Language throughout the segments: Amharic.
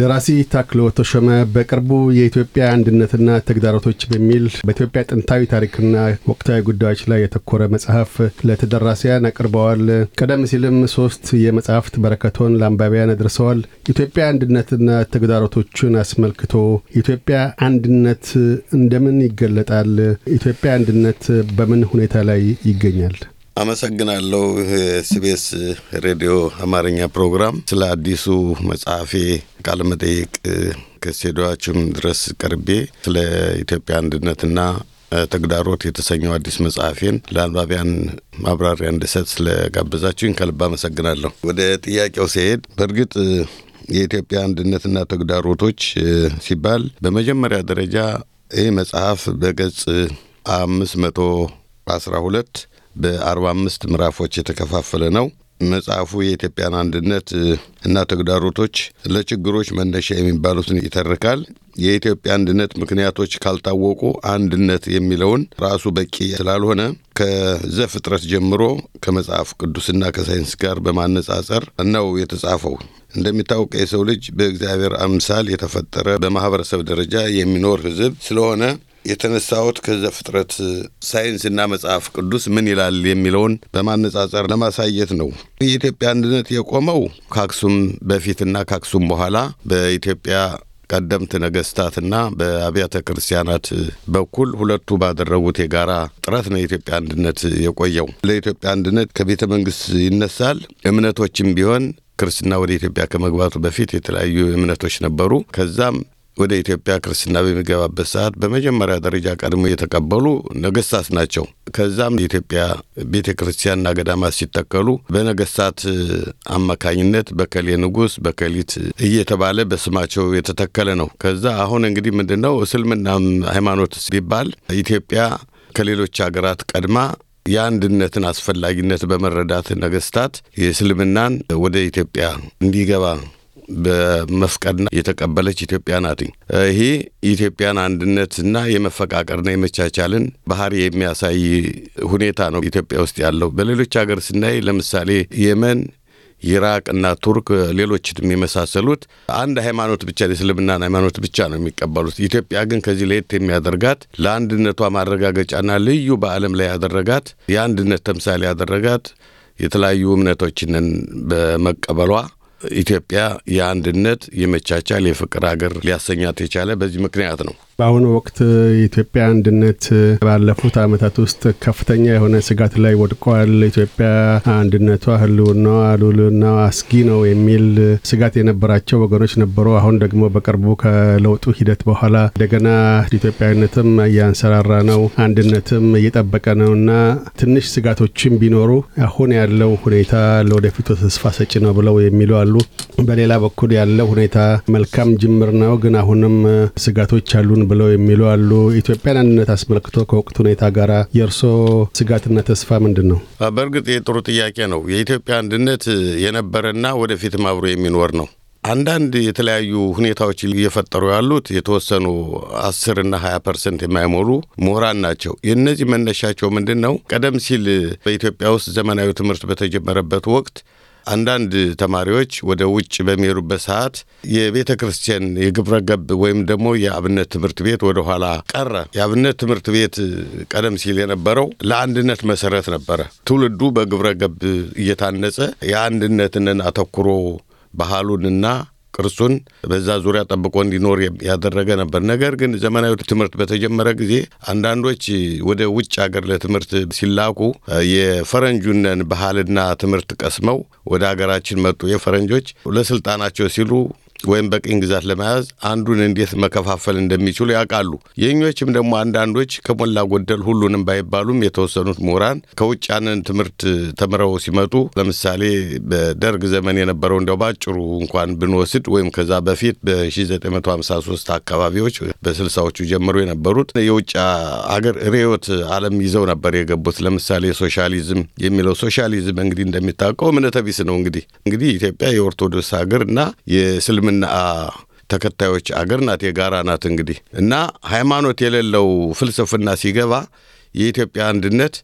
ደራሲ ታክሎ ተሾመ በቅርቡ የኢትዮጵያ አንድነትና ተግዳሮቶች በሚል በኢትዮጵያ ጥንታዊ ታሪክና ወቅታዊ ጉዳዮች ላይ የተኮረ መጽሐፍ ለተደራሲያን አቅርበዋል። ቀደም ሲልም ሶስት የመጽሐፍት በረከቶን ለአንባቢያን አድርሰዋል። ኢትዮጵያ አንድነትና ተግዳሮቶቹን አስመልክቶ ኢትዮጵያ አንድነት እንደምን ይገለጣል? ኢትዮጵያ አንድነት በምን ሁኔታ ላይ ይገኛል? አመሰግናለሁ። ስቤስ ሬዲዮ አማርኛ ፕሮግራም ስለ አዲሱ መጽሐፌ ቃለ መጠይቅ ከስቱዲዮአችሁም ድረስ ቀርቤ ስለ ኢትዮጵያ አንድነትና ተግዳሮት የተሰኘው አዲስ መጽሐፌን ለአንባቢያን ማብራሪያ እንድሰጥ ስለጋበዛችሁኝ ከልብ አመሰግናለሁ። ወደ ጥያቄው ሲሄድ በእርግጥ የኢትዮጵያ አንድነትና ተግዳሮቶች ሲባል በመጀመሪያ ደረጃ ይህ መጽሐፍ በገጽ አምስት መቶ አስራ ሁለት በአርባ አምስት ምዕራፎች የተከፋፈለ ነው። መጽሐፉ የኢትዮጵያን አንድነት እና ተግዳሮቶች ለችግሮች መነሻ የሚባሉትን ይተርካል። የኢትዮጵያ አንድነት ምክንያቶች ካልታወቁ አንድነት የሚለውን ራሱ በቂ ስላልሆነ ከዘፍጥረት ጀምሮ ከመጽሐፍ ቅዱስና ከሳይንስ ጋር በማነጻጸር ነው የተጻፈው። እንደሚታወቀ የሰው ልጅ በእግዚአብሔር አምሳል የተፈጠረ በማህበረሰብ ደረጃ የሚኖር ሕዝብ ስለሆነ የተነሳሁት ከዘፍጥረት ሳይንስና መጽሐፍ ቅዱስ ምን ይላል የሚለውን በማነጻጸር ለማሳየት ነው። የኢትዮጵያ አንድነት የቆመው ከአክሱም በፊትና ከአክሱም በኋላ በኢትዮጵያ ቀደምት ነገስታትና በአብያተ ክርስቲያናት በኩል ሁለቱ ባደረጉት የጋራ ጥረት ነው የኢትዮጵያ አንድነት የቆየው። ለኢትዮጵያ አንድነት ከቤተ መንግስት ይነሳል። እምነቶችም ቢሆን ክርስትና ወደ ኢትዮጵያ ከመግባቱ በፊት የተለያዩ እምነቶች ነበሩ። ከዛም ወደ ኢትዮጵያ ክርስትና በሚገባበት ሰዓት በመጀመሪያ ደረጃ ቀድሞ የተቀበሉ ነገስታት ናቸው። ከዛም የኢትዮጵያ ቤተ ክርስቲያንና ገዳማት ሲተከሉ በነገስታት አማካኝነት በከሌ ንጉስ በከሊት እየተባለ በስማቸው የተተከለ ነው። ከዛ አሁን እንግዲህ ምንድነው እስልምናም ሃይማኖት ሲባል ኢትዮጵያ ከሌሎች ሀገራት ቀድማ የአንድነትን አስፈላጊነት በመረዳት ነገስታት የእስልምናን ወደ ኢትዮጵያ እንዲገባ በመፍቀድና የተቀበለች ኢትዮጵያ ናትኝ። ይሄ ኢትዮጵያን አንድነትና የመፈቃቀርና የመቻቻልን ባህሪ የሚያሳይ ሁኔታ ነው ኢትዮጵያ ውስጥ ያለው። በሌሎች ሀገር ስናይ ለምሳሌ የመን ኢራቅና ቱርክ ሌሎችንም የመሳሰሉት አንድ ሃይማኖት ብቻ የእስልምናን ሃይማኖት ብቻ ነው የሚቀበሉት። ኢትዮጵያ ግን ከዚህ ለየት የሚያደርጋት ለአንድነቷ ማረጋገጫና ልዩ በዓለም ላይ ያደረጋት የአንድነት ተምሳሌ ያደረጋት የተለያዩ እምነቶችን በመቀበሏ ኢትዮጵያ የአንድነት የመቻቻል የፍቅር ሀገር ሊያሰኛት የቻለ በዚህ ምክንያት ነው። በአሁኑ ወቅት የኢትዮጵያ አንድነት ባለፉት ዓመታት ውስጥ ከፍተኛ የሆነ ስጋት ላይ ወድቀዋል። ኢትዮጵያ አንድነቷ፣ ህልውናዋ፣ ሉልናዋ አስጊ ነው የሚል ስጋት የነበራቸው ወገኖች ነበሩ። አሁን ደግሞ በቅርቡ ከለውጡ ሂደት በኋላ እንደገና ኢትዮጵያዊነትም እያንሰራራ ነው፣ አንድነትም እየጠበቀ ነው እና ትንሽ ስጋቶችም ቢኖሩ አሁን ያለው ሁኔታ ለወደፊቱ ተስፋ ሰጪ ነው ብለው የሚሉ አሉ። በሌላ በኩል ያለው ሁኔታ መልካም ጅምር ነው፣ ግን አሁንም ስጋቶች አሉን ብለው የሚሉ አሉ። ኢትዮጵያን አንድነት አስመልክቶ ከወቅት ሁኔታ ጋር የእርሶ ስጋትና ተስፋ ምንድን ነው? በእርግጥ የጥሩ ጥያቄ ነው። የኢትዮጵያ አንድነት የነበረና ወደፊትም አብሮ የሚኖር ነው። አንዳንድ የተለያዩ ሁኔታዎች እየፈጠሩ ያሉት የተወሰኑ አስርና ሀያ ፐርሰንት የማይሞሉ ምሁራን ናቸው። የእነዚህ መነሻቸው ምንድን ነው? ቀደም ሲል በኢትዮጵያ ውስጥ ዘመናዊ ትምህርት በተጀመረበት ወቅት አንዳንድ ተማሪዎች ወደ ውጭ በሚሄዱበት ሰዓት የቤተ ክርስቲያን የግብረ ገብ ወይም ደግሞ የአብነት ትምህርት ቤት ወደ ኋላ ቀረ። የአብነት ትምህርት ቤት ቀደም ሲል የነበረው ለአንድነት መሰረት ነበረ። ትውልዱ በግብረ ገብ እየታነጸ የአንድነትን አተኩሮ ባህሉንና ቅርሱን በዛ ዙሪያ ጠብቆ እንዲኖር ያደረገ ነበር። ነገር ግን ዘመናዊ ትምህርት በተጀመረ ጊዜ አንዳንዶች ወደ ውጭ ሀገር ለትምህርት ሲላኩ የፈረንጁነን ባህልና ትምህርት ቀስመው ወደ ሀገራችን መጡ። የፈረንጆች ለስልጣናቸው ሲሉ ወይም በቅኝ ግዛት ለመያዝ አንዱን እንዴት መከፋፈል እንደሚችሉ ያውቃሉ። የኞችም ደግሞ አንዳንዶች ከሞላ ጎደል ሁሉንም ባይባሉም የተወሰኑት ምሁራን ከውጭ ያንን ትምህርት ተምረው ሲመጡ ለምሳሌ በደርግ ዘመን የነበረው እንዲያው ባጭሩ እንኳን ብንወስድ ወይም ከዛ በፊት በ1953 አካባቢዎች በስልሳዎቹ ጀምሮ የነበሩት የውጭ አገር ርዕዮተ ዓለም ይዘው ነበር የገቡት። ለምሳሌ ሶሻሊዝም የሚለው ሶሻሊዝም እንግዲህ እንደሚታወቀው እምነተ ቢስ ነው። እንግዲህ እንግዲህ ኢትዮጵያ የኦርቶዶክስ ሀገር እና የስልም የእስልምና ተከታዮች አገር ናት፣ የጋራ ናት። እንግዲህ እና ሃይማኖት የሌለው ፍልስፍና ሲገባ የኢትዮጵያ አንድነት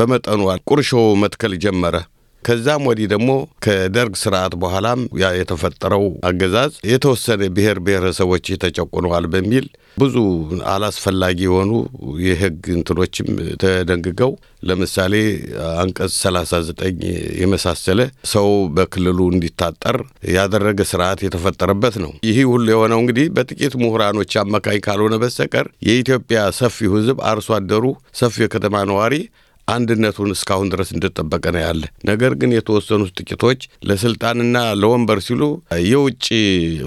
በመጠኑ ቁርሾ መትከል ጀመረ። ከዛም ወዲህ ደግሞ ከደርግ ስርዓት በኋላም ያ የተፈጠረው አገዛዝ የተወሰነ ብሔር ብሔረሰቦች ተጨቁነዋል በሚል ብዙ አላስፈላጊ የሆኑ የህግ እንትኖችም ተደንግገው ለምሳሌ አንቀጽ 39 የመሳሰለ ሰው በክልሉ እንዲታጠር ያደረገ ስርዓት የተፈጠረበት ነው። ይህ ሁሉ የሆነው እንግዲህ በጥቂት ምሁራኖች አማካኝ ካልሆነ በስተቀር የኢትዮጵያ ሰፊው ህዝብ አርሶ አደሩ፣ ሰፊው የከተማ ነዋሪ አንድነቱን እስካሁን ድረስ እንደጠበቀ ነው ያለ። ነገር ግን የተወሰኑት ጥቂቶች ለስልጣንና ለወንበር ሲሉ የውጭ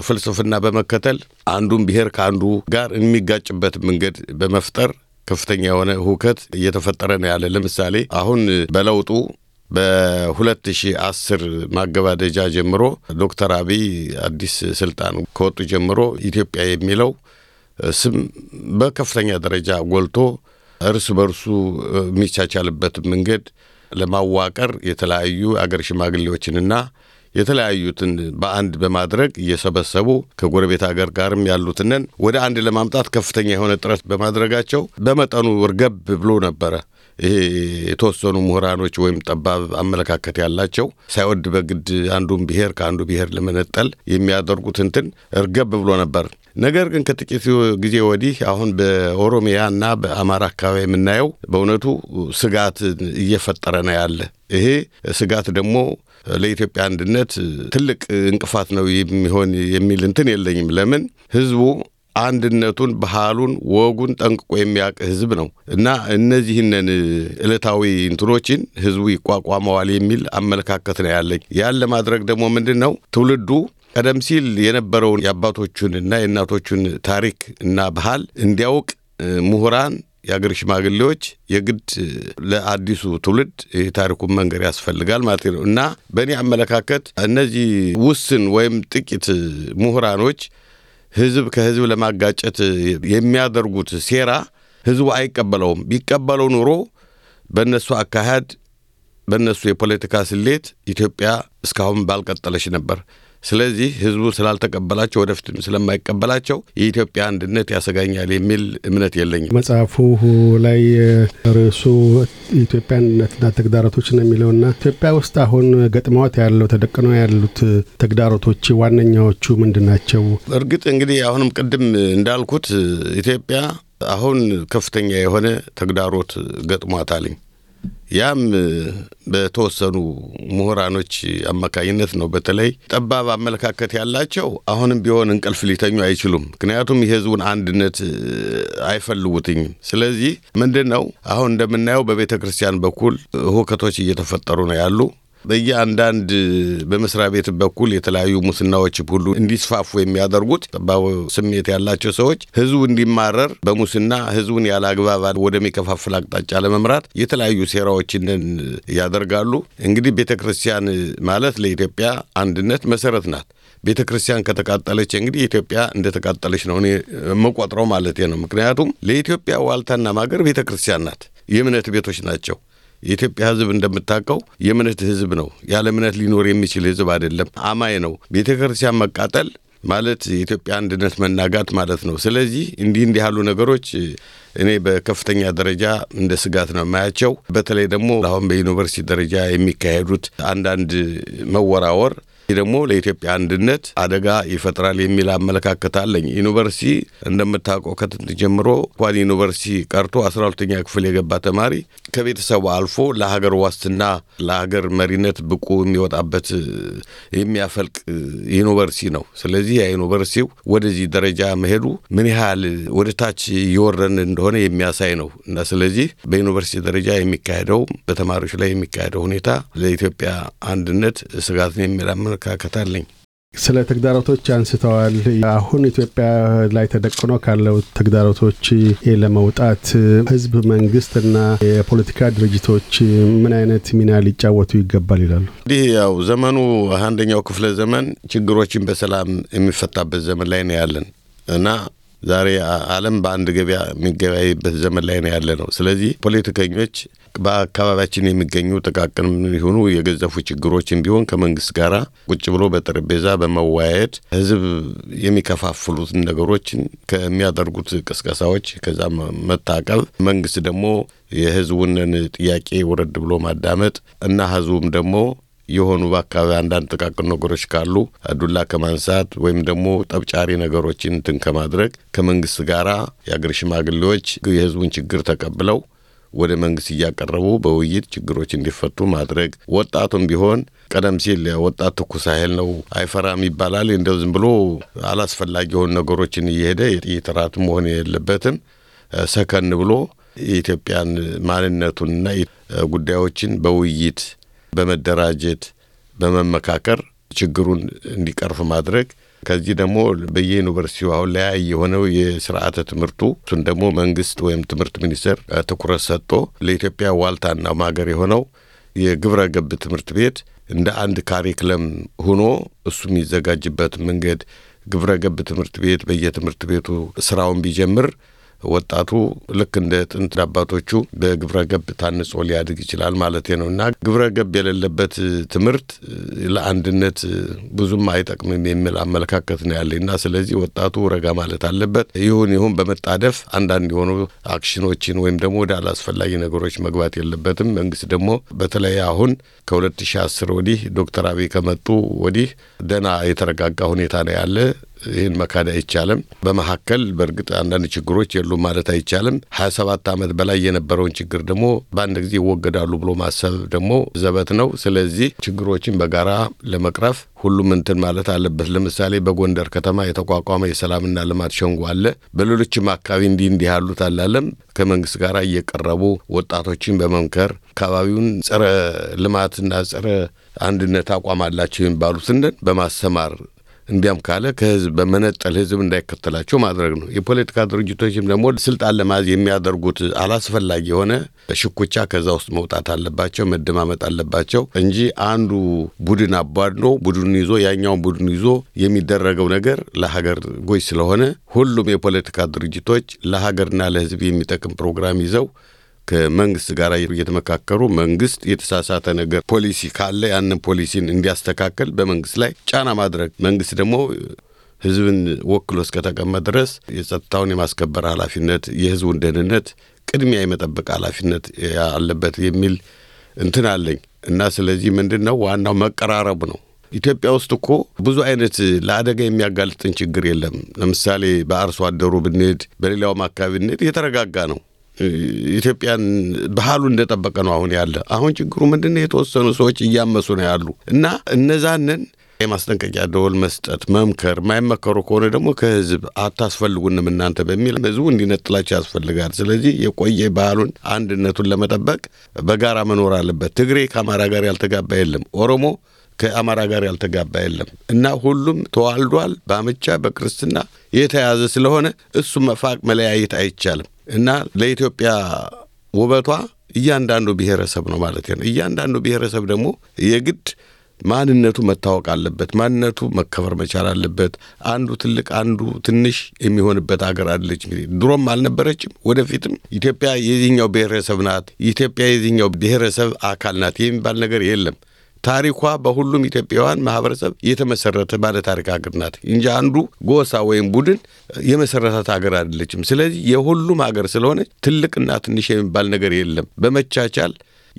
ፍልስፍና በመከተል አንዱን ብሔር ከአንዱ ጋር የሚጋጭበት መንገድ በመፍጠር ከፍተኛ የሆነ ሁከት እየተፈጠረ ነው ያለ። ለምሳሌ አሁን በለውጡ በ2010 ማገባደጃ ጀምሮ ዶክተር አብይ አዲስ ስልጣን ከወጡ ጀምሮ ኢትዮጵያ የሚለው ስም በከፍተኛ ደረጃ ጎልቶ እርስ በርሱ የሚቻቻልበትን መንገድ ለማዋቀር የተለያዩ አገር ሽማግሌዎችንና የተለያዩትን በአንድ በማድረግ እየሰበሰቡ ከጎረቤት ሀገር ጋርም ያሉትንን ወደ አንድ ለማምጣት ከፍተኛ የሆነ ጥረት በማድረጋቸው በመጠኑ እርገብ ብሎ ነበረ። ይሄ የተወሰኑ ምሁራኖች ወይም ጠባብ አመለካከት ያላቸው ሳይወድ በግድ አንዱን ብሔር ከአንዱ ብሔር ለመነጠል የሚያደርጉት እንትን እርገብ ብሎ ነበር። ነገር ግን ከጥቂት ጊዜ ወዲህ አሁን በኦሮሚያና በአማራ አካባቢ የምናየው በእውነቱ ስጋት እየፈጠረ ነው ያለ። ይሄ ስጋት ደግሞ ለኢትዮጵያ አንድነት ትልቅ እንቅፋት ነው የሚሆን የሚል እንትን የለኝም። ለምን ህዝቡ አንድነቱን፣ ባህሉን፣ ወጉን ጠንቅቆ የሚያውቅ ህዝብ ነው እና እነዚህንን ዕለታዊ እንትኖችን ህዝቡ ይቋቋመዋል የሚል አመለካከት ነው ያለኝ። ያን ለማድረግ ደግሞ ምንድን ነው ትውልዱ ቀደም ሲል የነበረውን የአባቶቹንና የእናቶቹን ታሪክ እና ባህል እንዲያውቅ ምሁራን የአገር ሽማግሌዎች የግድ ለአዲሱ ትውልድ የታሪኩን መንገድ ያስፈልጋል ማለት ነው እና በእኔ አመለካከት እነዚህ ውስን ወይም ጥቂት ምሁራኖች ህዝብ ከህዝብ ለማጋጨት የሚያደርጉት ሴራ ህዝቡ አይቀበለውም። ቢቀበለው ኑሮ በእነሱ አካሄድ፣ በእነሱ የፖለቲካ ስሌት ኢትዮጵያ እስካሁን ባልቀጠለች ነበር። ስለዚህ ህዝቡ ስላልተቀበላቸው ወደፊትም ስለማይቀበላቸው የኢትዮጵያ አንድነት ያሰጋኛል የሚል እምነት የለኝም። መጽሐፉ ላይ ርዕሱ የኢትዮጵያ አንድነትና ተግዳሮቶች ነው የሚለውና ኢትዮጵያ ውስጥ አሁን ገጥመዋት ያለው ተደቅነው ያሉት ተግዳሮቶች ዋነኛዎቹ ምንድን ናቸው? እርግጥ እንግዲህ አሁንም ቅድም እንዳልኩት ኢትዮጵያ አሁን ከፍተኛ የሆነ ተግዳሮት ገጥሟታልኝ ያም በተወሰኑ ምሁራኖች አማካኝነት ነው። በተለይ ጠባብ አመለካከት ያላቸው አሁንም ቢሆን እንቅልፍ ሊተኙ አይችሉም። ምክንያቱም የህዝቡን አንድነት አይፈልጉትኝም። ስለዚህ ምንድን ነው አሁን እንደምናየው በቤተ ክርስቲያን በኩል ሁከቶች እየተፈጠሩ ነው ያሉ በየአንዳንድ በመስሪያ ቤት በኩል የተለያዩ ሙስናዎች ሁሉ እንዲስፋፉ የሚያደርጉት ጠባብ ስሜት ያላቸው ሰዎች ህዝቡ እንዲማረር በሙስና ህዝቡን ያለ አግባብ ወደሚከፋፍል አቅጣጫ ለመምራት የተለያዩ ሴራዎችን ያደርጋሉ። እንግዲህ ቤተ ክርስቲያን ማለት ለኢትዮጵያ አንድነት መሰረት ናት። ቤተ ክርስቲያን ከተቃጠለች እንግዲህ ኢትዮጵያ እንደተቃጠለች ነው እኔ መቆጥረው ማለት ነው። ምክንያቱም ለኢትዮጵያ ዋልታና ማገር ቤተ ክርስቲያን ናት፣ የእምነት ቤቶች ናቸው። የኢትዮጵያ ህዝብ እንደምታውቀው የእምነት ህዝብ ነው። ያለ እምነት ሊኖር የሚችል ህዝብ አይደለም። አማይ ነው። ቤተ ክርስቲያን መቃጠል ማለት የኢትዮጵያ አንድነት መናጋት ማለት ነው። ስለዚህ እንዲህ እንዲህ ያሉ ነገሮች እኔ በከፍተኛ ደረጃ እንደ ስጋት ነው የማያቸው። በተለይ ደግሞ አሁን በዩኒቨርሲቲ ደረጃ የሚካሄዱት አንዳንድ መወራወር ይህ ደግሞ ለኢትዮጵያ አንድነት አደጋ ይፈጥራል የሚል አመለካከት አለኝ። ዩኒቨርሲቲ እንደምታውቀው ከጥንት ጀምሮ እንኳን ዩኒቨርሲቲ ቀርቶ አስራ ሁለተኛ ክፍል የገባ ተማሪ ከቤተሰቡ አልፎ ለሀገር ዋስትና ለሀገር መሪነት ብቁ የሚወጣበት የሚያፈልቅ ዩኒቨርሲቲ ነው። ስለዚህ ዩኒቨርሲቲው ወደዚህ ደረጃ መሄዱ ምን ያህል ወደ ታች እየወረን እንደሆነ የሚያሳይ ነው እና ስለዚህ በዩኒቨርሲቲ ደረጃ የሚካሄደው በተማሪዎች ላይ የሚካሄደው ሁኔታ ለኢትዮጵያ አንድነት ስጋትን የሚላመ አመለካከት ስለ ተግዳሮቶች አንስተዋል። አሁን ኢትዮጵያ ላይ ተደቅኖ ካለው ተግዳሮቶች ለመውጣት ህዝብ፣ መንግስት እና የፖለቲካ ድርጅቶች ምን አይነት ሚና ሊጫወቱ ይገባል ይላሉ? እንዲህ ያው ዘመኑ አንደኛው ክፍለ ዘመን ችግሮችን በሰላም የሚፈታበት ዘመን ላይ ነው ያለን እና ዛሬ ዓለም በአንድ ገበያ የሚገበያይበት ዘመን ላይ ነው ያለ ነው። ስለዚህ ፖለቲከኞች በአካባቢያችን የሚገኙ ጥቃቅንም የሆኑ የገዘፉ ችግሮችን ቢሆን ከመንግስት ጋር ቁጭ ብሎ በጠረጴዛ በመወያየት ህዝብ የሚከፋፍሉትን ነገሮችን ከሚያደርጉት ቅስቀሳዎች ከዛ መታቀብ፣ መንግስት ደግሞ የህዝቡን ጥያቄ ውረድ ብሎ ማዳመጥ እና ህዝቡም ደግሞ የሆኑ በአካባቢ አንዳንድ ጥቃቅን ነገሮች ካሉ ዱላ ከማንሳት ወይም ደግሞ ጠብጫሪ ነገሮችን እንትን ከማድረግ ከመንግስት ጋር የአገር ሽማግሌዎች የህዝቡን ችግር ተቀብለው ወደ መንግስት እያቀረቡ በውይይት ችግሮች እንዲፈቱ ማድረግ። ወጣቱም ቢሆን ቀደም ሲል ወጣት ትኩስ ኃይል ነው አይፈራም ይባላል። እንደ ዝም ብሎ አላስፈላጊ የሆኑ ነገሮችን እየሄደ የጥይት ራት መሆን የለበትም። ሰከን ብሎ የኢትዮጵያን ማንነቱንና ጉዳዮችን በውይይት በመደራጀት በመመካከር ችግሩን እንዲቀርፍ ማድረግ ከዚህ ደግሞ በየዩኒቨርሲቲው አሁን ላይ የሆነው የስርዓተ ትምህርቱ እሱን ደግሞ መንግስት ወይም ትምህርት ሚኒስቴር ትኩረት ሰጥቶ ለኢትዮጵያ ዋልታና ማገር የሆነው የግብረ ገብ ትምህርት ቤት እንደ አንድ ካሪክለም ሆኖ እሱ የሚዘጋጅበት መንገድ ግብረ ገብ ትምህርት ቤት በየትምህርት ቤቱ ስራውን ቢጀምር ወጣቱ ልክ እንደ ጥንት አባቶቹ በግብረ ገብ ታንጾ ሊያድግ ይችላል ማለት ነው እና ግብረ ገብ የሌለበት ትምህርት ለአንድነት ብዙም አይጠቅምም የሚል አመለካከት ነው ያለኝ እና ስለዚህ ወጣቱ ረጋ ማለት አለበት። ይሁን ይሁን በመጣደፍ አንዳንድ የሆኑ አክሽኖችን ወይም ደግሞ ወደ አላስፈላጊ ነገሮች መግባት የለበትም። መንግስት ደግሞ በተለይ አሁን ከ2010 ወዲህ ዶክተር አብይ ከመጡ ወዲህ ደና የተረጋጋ ሁኔታ ነው ያለ ይህን መካድ አይቻልም። በመካከል በእርግጥ አንዳንድ ችግሮች የሉ ማለት አይቻልም። ሀያ ሰባት ዓመት በላይ የነበረውን ችግር ደግሞ በአንድ ጊዜ ይወገዳሉ ብሎ ማሰብ ደግሞ ዘበት ነው። ስለዚህ ችግሮችን በጋራ ለመቅረፍ ሁሉም እንትን ማለት አለበት። ለምሳሌ በጎንደር ከተማ የተቋቋመ የሰላምና ልማት ሸንጎ አለ። በሌሎችም አካባቢ እንዲህ እንዲህ ያሉት አላለም ከመንግስት ጋር እየቀረቡ ወጣቶችን በመምከር አካባቢውን ጸረ ልማትና ጸረ አንድነት አቋም አላቸው የሚባሉትን በማሰማር እንዲያም ካለ ከህዝብ በመነጠል ህዝብ እንዳይከተላቸው ማድረግ ነው። የፖለቲካ ድርጅቶችም ደግሞ ስልጣን ለማዝ የሚያደርጉት አላስፈላጊ የሆነ ሽኩቻ ከዛ ውስጥ መውጣት አለባቸው፣ መደማመጥ አለባቸው እንጂ አንዱ ቡድን አቧድኖ ቡድኑን ይዞ ያኛውን ቡድን ይዞ የሚደረገው ነገር ለሀገር ጎጅ ስለሆነ ሁሉም የፖለቲካ ድርጅቶች ለሀገርና ለህዝብ የሚጠቅም ፕሮግራም ይዘው ከመንግስት ጋር እየተመካከሩ መንግስት የተሳሳተ ነገር ፖሊሲ ካለ ያንን ፖሊሲን እንዲያስተካከል በመንግስት ላይ ጫና ማድረግ መንግስት ደግሞ ህዝብን ወክሎ እስከተቀመጠ ድረስ የጸጥታውን የማስከበር ኃላፊነት፣ የህዝቡን ደህንነት ቅድሚያ የመጠበቅ ኃላፊነት አለበት የሚል እንትን አለኝ እና ስለዚህ ምንድን ነው ዋናው መቀራረቡ ነው። ኢትዮጵያ ውስጥ እኮ ብዙ አይነት ለአደጋ የሚያጋልጥን ችግር የለም። ለምሳሌ በአርሶ አደሩ ብንሄድ፣ በሌላውም አካባቢ ብንሄድ የተረጋጋ ነው። ኢትዮጵያን ባህሉ እንደጠበቀ ነው አሁን ያለ። አሁን ችግሩ ምንድን ነው? የተወሰኑ ሰዎች እያመሱ ነው ያሉ እና እነዛንን የማስጠንቀቂያ ደወል መስጠት፣ መምከር፣ የማይመከሩ ከሆነ ደግሞ ከህዝብ አታስፈልጉንም እናንተ በሚል ህዝቡ እንዲነጥላቸው ያስፈልጋል። ስለዚህ የቆየ ባህሉን አንድነቱን ለመጠበቅ በጋራ መኖር አለበት። ትግሬ ከአማራ ጋር ያልተጋባ የለም። ኦሮሞ ከአማራ ጋር ያልተጋባ የለም እና ሁሉም ተዋልዷል። በአመቻ በክርስትና የተያዘ ስለሆነ እሱ መፋቅ መለያየት አይቻልም። እና ለኢትዮጵያ ውበቷ እያንዳንዱ ብሔረሰብ ነው ማለት ነው። እያንዳንዱ ብሔረሰብ ደግሞ የግድ ማንነቱ መታወቅ አለበት። ማንነቱ መከበር መቻል አለበት። አንዱ ትልቅ አንዱ ትንሽ የሚሆንበት ሀገር አለች። ድሮም አልነበረችም፣ ወደፊትም ኢትዮጵያ የዚህኛው ብሔረሰብ ናት፣ ኢትዮጵያ የዚህኛው ብሔረሰብ አካል ናት የሚባል ነገር የለም። ታሪኳ በሁሉም ኢትዮጵያውያን ማህበረሰብ የተመሰረተ ባለ ታሪክ ሀገር ናት እንጂ አንዱ ጎሳ ወይም ቡድን የመሰረታት ሀገር አይደለችም። ስለዚህ የሁሉም ሀገር ስለሆነ ትልቅና ትንሽ የሚባል ነገር የለም። በመቻቻል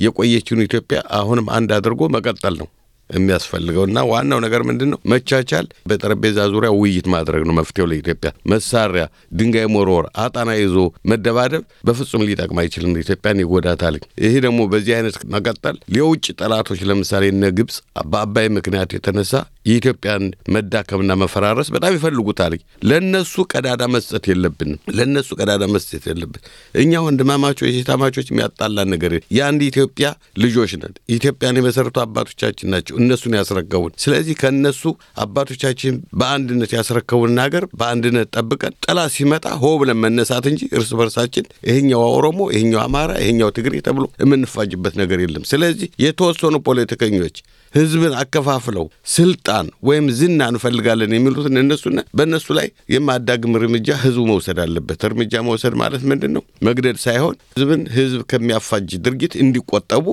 የቆየችን ኢትዮጵያ አሁንም አንድ አድርጎ መቀጠል ነው። የሚያስፈልገው እና ዋናው ነገር ምንድን ነው? መቻቻል፣ በጠረጴዛ ዙሪያ ውይይት ማድረግ ነው መፍትሄው ለኢትዮጵያ። መሳሪያ፣ ድንጋይ መወርወር፣ አጣና ይዞ መደባደብ በፍጹም ሊጠቅም አይችልም፣ ኢትዮጵያን ይጎዳታል። ይሄ ደግሞ በዚህ አይነት መቀጠል የውጭ ጠላቶች ለምሳሌ እነ ግብፅ በአባይ ምክንያት የተነሳ የኢትዮጵያን መዳከምና መፈራረስ በጣም ይፈልጉታል። ለእነሱ ቀዳዳ መስጠት የለብንም። ለእነሱ ቀዳዳ መስጠት የለብን። እኛ ወንድማማቾች፣ የሴታማቾች የሚያጣላን ነገር የአንድ ኢትዮጵያ ልጆች ነን። ኢትዮጵያን የመሰረቱ አባቶቻችን ናቸው። እነሱን ያስረከቡን። ስለዚህ ከእነሱ አባቶቻችን በአንድነት ያስረከቡን ሀገር በአንድነት ጠብቀን ጠላት ሲመጣ ሆ ብለን መነሳት እንጂ እርስ በርሳችን ይህኛው ኦሮሞ፣ ይህኛው አማራ፣ ይህኛው ትግሬ ተብሎ የምንፋጅበት ነገር የለም። ስለዚህ የተወሰኑ ፖለቲከኞች ህዝብን አከፋፍለው ስልጣን ወይም ዝና እንፈልጋለን የሚሉትን እነሱና በእነሱ ላይ የማዳግም እርምጃ ህዝቡ መውሰድ አለበት። እርምጃ መውሰድ ማለት ምንድን ነው? መግደል ሳይሆን ህዝብን ህዝብ ከሚያፋጅ ድርጊት እንዲቆጠቡ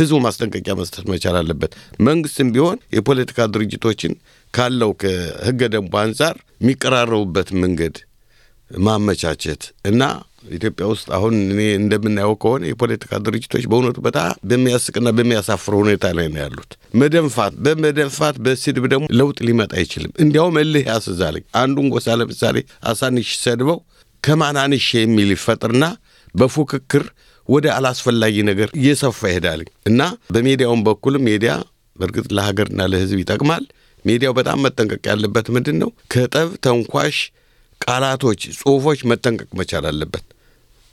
ህዝቡ ማስጠንቀቂያ መስጠት መቻል አለበት። መንግስትም ቢሆን የፖለቲካ ድርጅቶችን ካለው ከህገ ደንቡ አንጻር የሚቀራረቡበት መንገድ ማመቻቸት እና ኢትዮጵያ ውስጥ አሁን እኔ እንደምናየው ከሆነ የፖለቲካ ድርጅቶች በእውነቱ በጣም በሚያስቅና በሚያሳፍር ሁኔታ ላይ ነው ያሉት። መደንፋት በመደንፋት በስድብ ደግሞ ለውጥ ሊመጣ አይችልም። እንዲያውም እልህ ያስዛል። አንዱን ጎሳ ለምሳሌ አሳንሽ ሰድበው ከማናንሽ የሚል ይፈጥርና በፉክክር ወደ አላስፈላጊ ነገር እየሰፋ ይሄዳል እና በሚዲያውም በኩል ሚዲያ በእርግጥ ለሀገርና ለሕዝብ ይጠቅማል። ሚዲያው በጣም መጠንቀቅ ያለበት ምንድን ነው? ከጠብ ተንኳሽ ቃላቶች፣ ጽሁፎች መጠንቀቅ መቻል አለበት።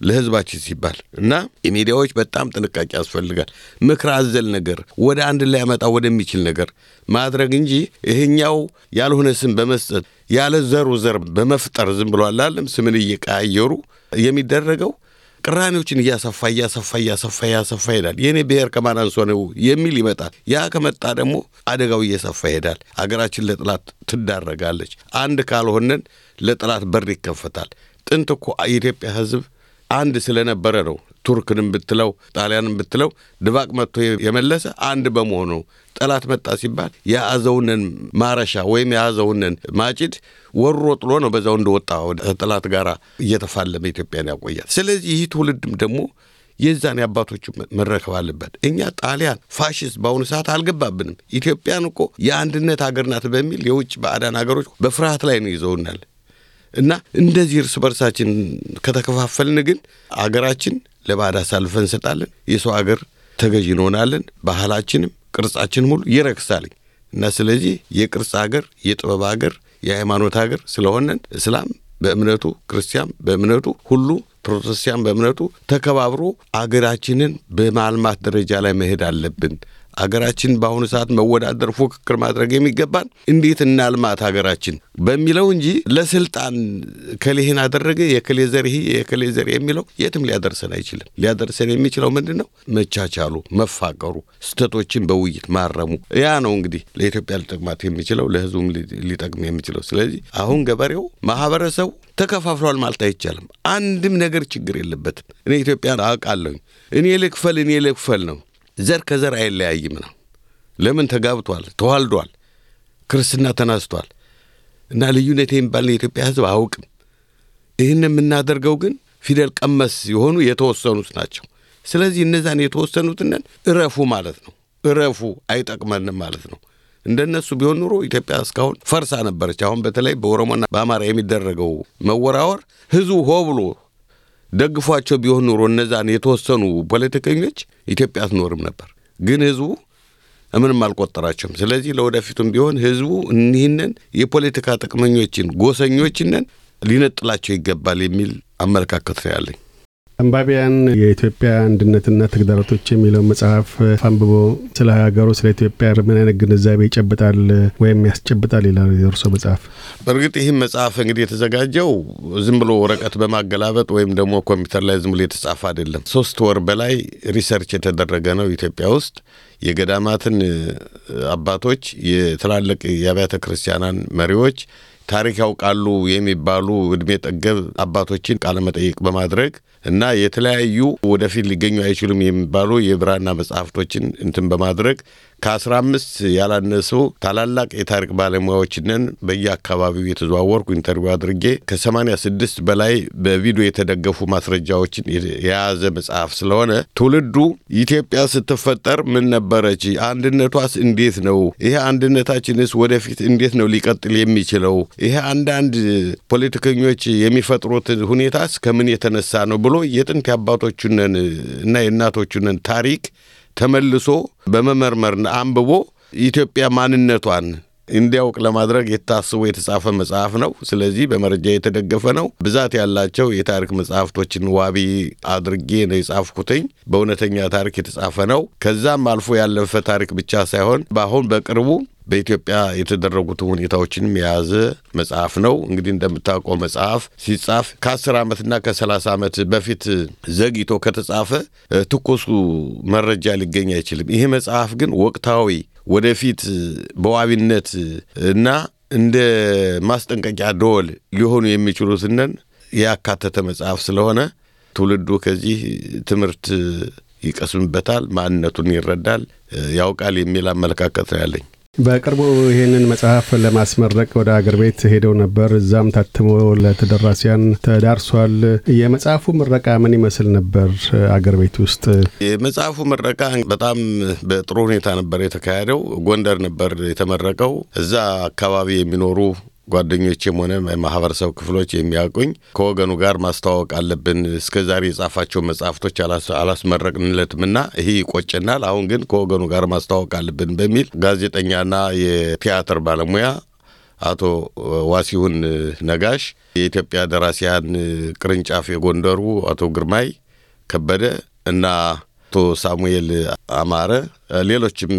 ለህዝባችን ሲባል እና የሚዲያዎች በጣም ጥንቃቄ ያስፈልጋል። ምክር አዘል ነገር ወደ አንድ ያመጣ ወደሚችል ነገር ማድረግ እንጂ ይህኛው ያልሆነ ስም በመስጠት ያለ ዘሩ ዘር በመፍጠር ዝም ብሎ አላለም ስምን እየቀያየሩ የሚደረገው ቅራኔዎችን እያሰፋ እያሰፋ እያሰፋ እያሰፋ ይሄዳል። የእኔ ብሔር ከማን አንሶ ነው የሚል ይመጣል። ያ ከመጣ ደግሞ አደጋው እየሰፋ ይሄዳል። አገራችን ለጥላት ትዳረጋለች። አንድ ካልሆነን ለጥላት በር ይከፈታል። ጥንት እኮ የኢትዮጵያ ህዝብ አንድ ስለነበረ ነው። ቱርክንም ብትለው ጣሊያንም ብትለው ድባቅ መጥቶ የመለሰ አንድ በመሆኑ ጠላት መጣ ሲባል የያዘውንን ማረሻ ወይም የያዘውንን ማጭድ ወሮ ጥሎ ነው በዛው እንደወጣ ጠላት ጋር እየተፋለመ ኢትዮጵያን ያቆያል። ስለዚህ ይህ ትውልድም ደግሞ የዛን የአባቶቹ መረከብ አለበት። እኛ ጣሊያን ፋሽስት በአሁኑ ሰዓት አልገባብንም። ኢትዮጵያን እኮ የአንድነት ሀገር ናት በሚል የውጭ ባዕዳን ሀገሮች በፍርሃት ላይ ነው ይዘውናል። እና እንደዚህ እርስ በርሳችን ከተከፋፈልን ግን አገራችን ለባዕድ አሳልፈ እንሰጣለን። የሰው አገር ተገዥ እንሆናለን። ባህላችንም ቅርጻችን ሙሉ ይረክሳልኝ እና ስለዚህ የቅርጽ አገር፣ የጥበብ አገር፣ የሃይማኖት አገር ስለሆነን እስላም በእምነቱ ክርስቲያን በእምነቱ ሁሉ ፕሮቴስታንት በእምነቱ ተከባብሮ አገራችንን በማልማት ደረጃ ላይ መሄድ አለብን። አገራችን በአሁኑ ሰዓት መወዳደር፣ ፉክክር ማድረግ የሚገባን እንዴት እናልማት ሀገራችን በሚለው እንጂ ለስልጣን ከሌህን አደረገ የከሌ ዘርህ የከሌ ዘር የሚለው የትም ሊያደርሰን አይችልም። ሊያደርሰን የሚችለው ምንድን ነው? መቻቻሉ፣ መፋቀሩ፣ ስህተቶችን በውይይት ማረሙ። ያ ነው እንግዲህ ለኢትዮጵያ ሊጠቅማት የሚችለው ለህዝቡም ሊጠቅም የሚችለው። ስለዚህ አሁን ገበሬው ማህበረሰቡ ተከፋፍሏል ማለት አይቻልም። አንድም ነገር ችግር የለበትም። እኔ ኢትዮጵያን አውቃለሁኝ። እኔ ልክፈል እኔ ልክፈል ነው ዘር ከዘር አይለያይም ነው። ለምን ተጋብቷል፣ ተዋልዷል፣ ክርስትና ተናስቷል። እና ልዩነት የሚባል የኢትዮጵያ ሕዝብ አያውቅም። ይህን የምናደርገው ግን ፊደል ቀመስ የሆኑ የተወሰኑት ናቸው። ስለዚህ እነዛን የተወሰኑትነን እረፉ ማለት ነው። እረፉ አይጠቅመንም ማለት ነው። እንደነሱ ቢሆን ኑሮ ኢትዮጵያ እስካሁን ፈርሳ ነበረች። አሁን በተለይ በኦሮሞና በአማራ የሚደረገው መወራወር ህዝቡ ሆ ብሎ ደግፏቸው ቢሆን ኖሮ እነዛን የተወሰኑ ፖለቲከኞች ኢትዮጵያ አትኖርም ነበር። ግን ህዝቡ ምንም አልቆጠራቸውም። ስለዚህ ለወደፊቱም ቢሆን ህዝቡ እኒህንን የፖለቲካ ጥቅመኞችን፣ ጎሰኞችንን ሊነጥላቸው ይገባል የሚል አመለካከት ያለኝ። አንባቢያን የኢትዮጵያ አንድነትና ተግዳሮቶች የሚለው መጽሐፍ አንብቦ ስለ ሀገሩ ስለ ኢትዮጵያ ምን አይነት ግንዛቤ ይጨብጣል ወይም ያስጨብጣል ይላል የእርሶ መጽሐፍ? በእርግጥ ይህም መጽሐፍ እንግዲህ የተዘጋጀው ዝም ብሎ ወረቀት በማገላበጥ ወይም ደግሞ ኮምፒውተር ላይ ዝም ብሎ የተጻፈ አይደለም። ሶስት ወር በላይ ሪሰርች የተደረገ ነው። ኢትዮጵያ ውስጥ የገዳማትን አባቶች፣ የትላልቅ የአብያተ ክርስቲያናን መሪዎች ታሪክ ያውቃሉ የሚባሉ እድሜ ጠገብ አባቶችን ቃለመጠይቅ በማድረግ እና የተለያዩ ወደፊት ሊገኙ አይችሉም የሚባሉ የብራና መጽሐፍቶችን እንትን በማድረግ ከአስራ አምስት ያላነሱ ታላላቅ የታሪክ ባለሙያዎችንን በየአካባቢው የተዘዋወርኩ ኢንተርቪው አድርጌ ከሰማንያ ስድስት በላይ በቪዲዮ የተደገፉ ማስረጃዎችን የያዘ መጽሐፍ ስለሆነ ትውልዱ ኢትዮጵያ ስትፈጠር ምን ነበረች፣ አንድነቷስ እንዴት ነው፣ ይሄ አንድነታችንስ ወደፊት እንዴት ነው ሊቀጥል የሚችለው፣ ይሄ አንዳንድ ፖለቲከኞች የሚፈጥሩት ሁኔታስ ከምን የተነሳ ነው ብሎ ብሎ የጥንት የአባቶቹንን እና የእናቶቹንን ታሪክ ተመልሶ በመመርመር አንብቦ ኢትዮጵያ ማንነቷን እንዲያውቅ ለማድረግ የታስቦ የተጻፈ መጽሐፍ ነው። ስለዚህ በመረጃ የተደገፈ ነው። ብዛት ያላቸው የታሪክ መጽሐፍቶችን ዋቢ አድርጌ ነው የጻፍኩትኝ። በእውነተኛ ታሪክ የተጻፈ ነው። ከዛም አልፎ ያለፈ ታሪክ ብቻ ሳይሆን በአሁን በቅርቡ በኢትዮጵያ የተደረጉትን ሁኔታዎችንም የያዘ መጽሐፍ ነው። እንግዲህ እንደምታውቀው መጽሐፍ ሲጻፍ ከአስር ዓመትና ከሰላሳ ዓመት በፊት ዘግይቶ ከተጻፈ ትኩሱ መረጃ ሊገኝ አይችልም። ይህ መጽሐፍ ግን ወቅታዊ፣ ወደፊት በዋቢነት እና እንደ ማስጠንቀቂያ ደወል ሊሆኑ የሚችሉትንን ያካተተ መጽሐፍ ስለሆነ ትውልዱ ከዚህ ትምህርት ይቀስምበታል፣ ማንነቱን ይረዳል፣ ያውቃል የሚል አመለካከት ነው ያለኝ። በቅርቡ ይህንን መጽሐፍ ለማስመረቅ ወደ አገር ቤት ሄደው ነበር። እዛም ታትሞ ለተደራሲያን ተዳርሷል። የመጽሐፉ ምረቃ ምን ይመስል ነበር? አገር ቤት ውስጥ የመጽሐፉ ምረቃ በጣም በጥሩ ሁኔታ ነበር የተካሄደው። ጎንደር ነበር የተመረቀው። እዛ አካባቢ የሚኖሩ ጓደኞቼም ሆነ ማህበረሰብ ክፍሎች የሚያውቁኝ ከወገኑ ጋር ማስተዋወቅ አለብን። እስከ ዛሬ የጻፋቸው መጽሐፍቶች አላስመረቅንለትምና ይህ ይቆጭናል። አሁን ግን ከወገኑ ጋር ማስተዋወቅ አለብን በሚል ጋዜጠኛና የቲያትር ባለሙያ አቶ ዋሲሁን ነጋሽ፣ የኢትዮጵያ ደራሲያን ቅርንጫፍ የጎንደሩ አቶ ግርማይ ከበደ እና አቶ ሳሙኤል አማረ ሌሎችም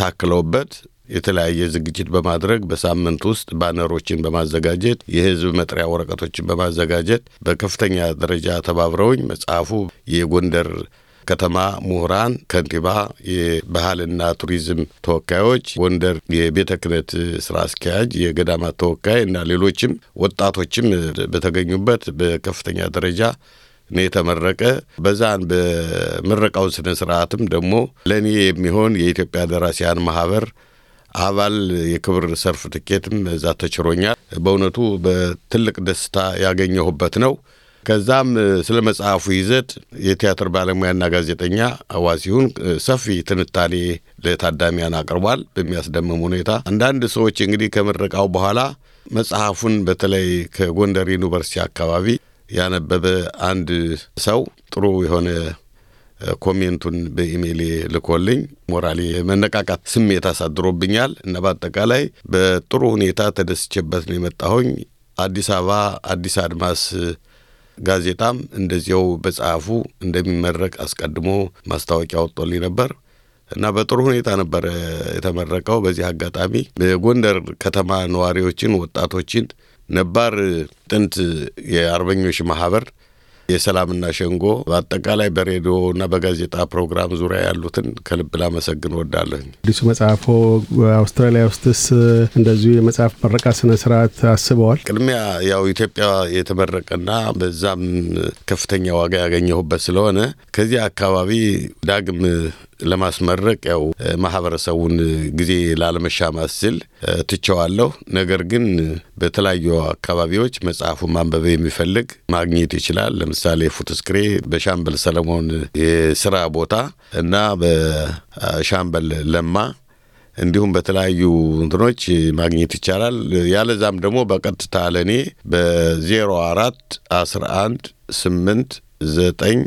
ታክለውበት የተለያየ ዝግጅት በማድረግ በሳምንት ውስጥ ባነሮችን በማዘጋጀት የህዝብ መጥሪያ ወረቀቶችን በማዘጋጀት በከፍተኛ ደረጃ ተባብረውኝ መጽሐፉ የጎንደር ከተማ ምሁራን፣ ከንቲባ፣ የባህልና ቱሪዝም ተወካዮች፣ ጎንደር የቤተ ክህነት ስራ አስኪያጅ፣ የገዳማት ተወካይ እና ሌሎችም ወጣቶችም በተገኙበት በከፍተኛ ደረጃ እኔ የተመረቀ በዛን በምረቃው ስነ ስርዓትም ደግሞ ለእኔ የሚሆን የኢትዮጵያ ደራሲያን ማህበር አባል የክብር ሰርፍ ትኬትም እዛ ተችሮኛል። በእውነቱ በትልቅ ደስታ ያገኘሁበት ነው። ከዛም ስለ መጽሐፉ ይዘት የቲያትር ባለሙያና ጋዜጠኛ አዋሲሁን ሰፊ ትንታኔ ለታዳሚያን አቅርቧል በሚያስደምም ሁኔታ። አንዳንድ ሰዎች እንግዲህ ከምረቃው በኋላ መጽሐፉን በተለይ ከጎንደር ዩኒቨርሲቲ አካባቢ ያነበበ አንድ ሰው ጥሩ የሆነ ኮሜንቱን በኢሜይል ልኮልኝ ሞራሌ መነቃቃት ስሜት አሳድሮብኛል እና በአጠቃላይ በጥሩ ሁኔታ ተደስቼበት ነው የመጣሁኝ። አዲስ አበባ አዲስ አድማስ ጋዜጣም እንደዚያው በጸሐፉ እንደሚመረቅ አስቀድሞ ማስታወቂያ ወጥቶልኝ ነበር እና በጥሩ ሁኔታ ነበር የተመረቀው። በዚህ አጋጣሚ የጎንደር ከተማ ነዋሪዎችን፣ ወጣቶችን፣ ነባር ጥንት የአርበኞች ማህበር የሰላምና ሸንጎ በአጠቃላይ በሬዲዮና በጋዜጣ ፕሮግራም ዙሪያ ያሉትን ከልብ ላመሰግን ወዳለሁኝ። አዲሱ መጽሐፎ አውስትራሊያ ውስጥስ እንደዚሁ የመጽሐፍ መረቃ ስነ ስርዓት አስበዋል? ቅድሚያ ያው ኢትዮጵያ የተመረቀና በዛም ከፍተኛ ዋጋ ያገኘሁበት ስለሆነ ከዚህ አካባቢ ዳግም ለማስመረቅ ያው ማህበረሰቡን ጊዜ ላለመሻማት ስል ትቸዋለሁ። ነገር ግን በተለያዩ አካባቢዎች መጽሐፉን ማንበብ የሚፈልግ ማግኘት ይችላል። ለምሳሌ ፉትስክሬ በሻምበል ሰለሞን የስራ ቦታ እና በሻምበል ለማ እንዲሁም በተለያዩ እንትኖች ማግኘት ይቻላል። ያለዛም ደግሞ በቀጥታ ለእኔ በ04 11 8 9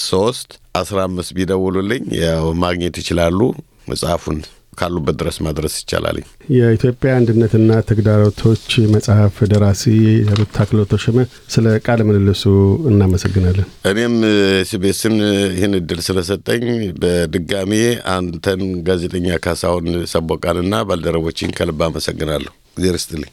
ሶስት አስራ አምስት ቢደውሉልኝ ያው ማግኘት ይችላሉ መጽሐፉን ካሉበት ድረስ ማድረስ ይቻላል። የኢትዮጵያ አንድነትና ተግዳሮቶች መጽሐፍ ደራሲ ታክሎ ተሾመ፣ ስለ ቃለ ምልልሱ እናመሰግናለን። እኔም ኤስቢኤስን ይህን እድል ስለሰጠኝ በድጋሚ አንተን ጋዜጠኛ ካሳሁን ሰቦቃንና ባልደረቦችን ከልብ አመሰግናለሁ። እግዜር ይስጥልኝ።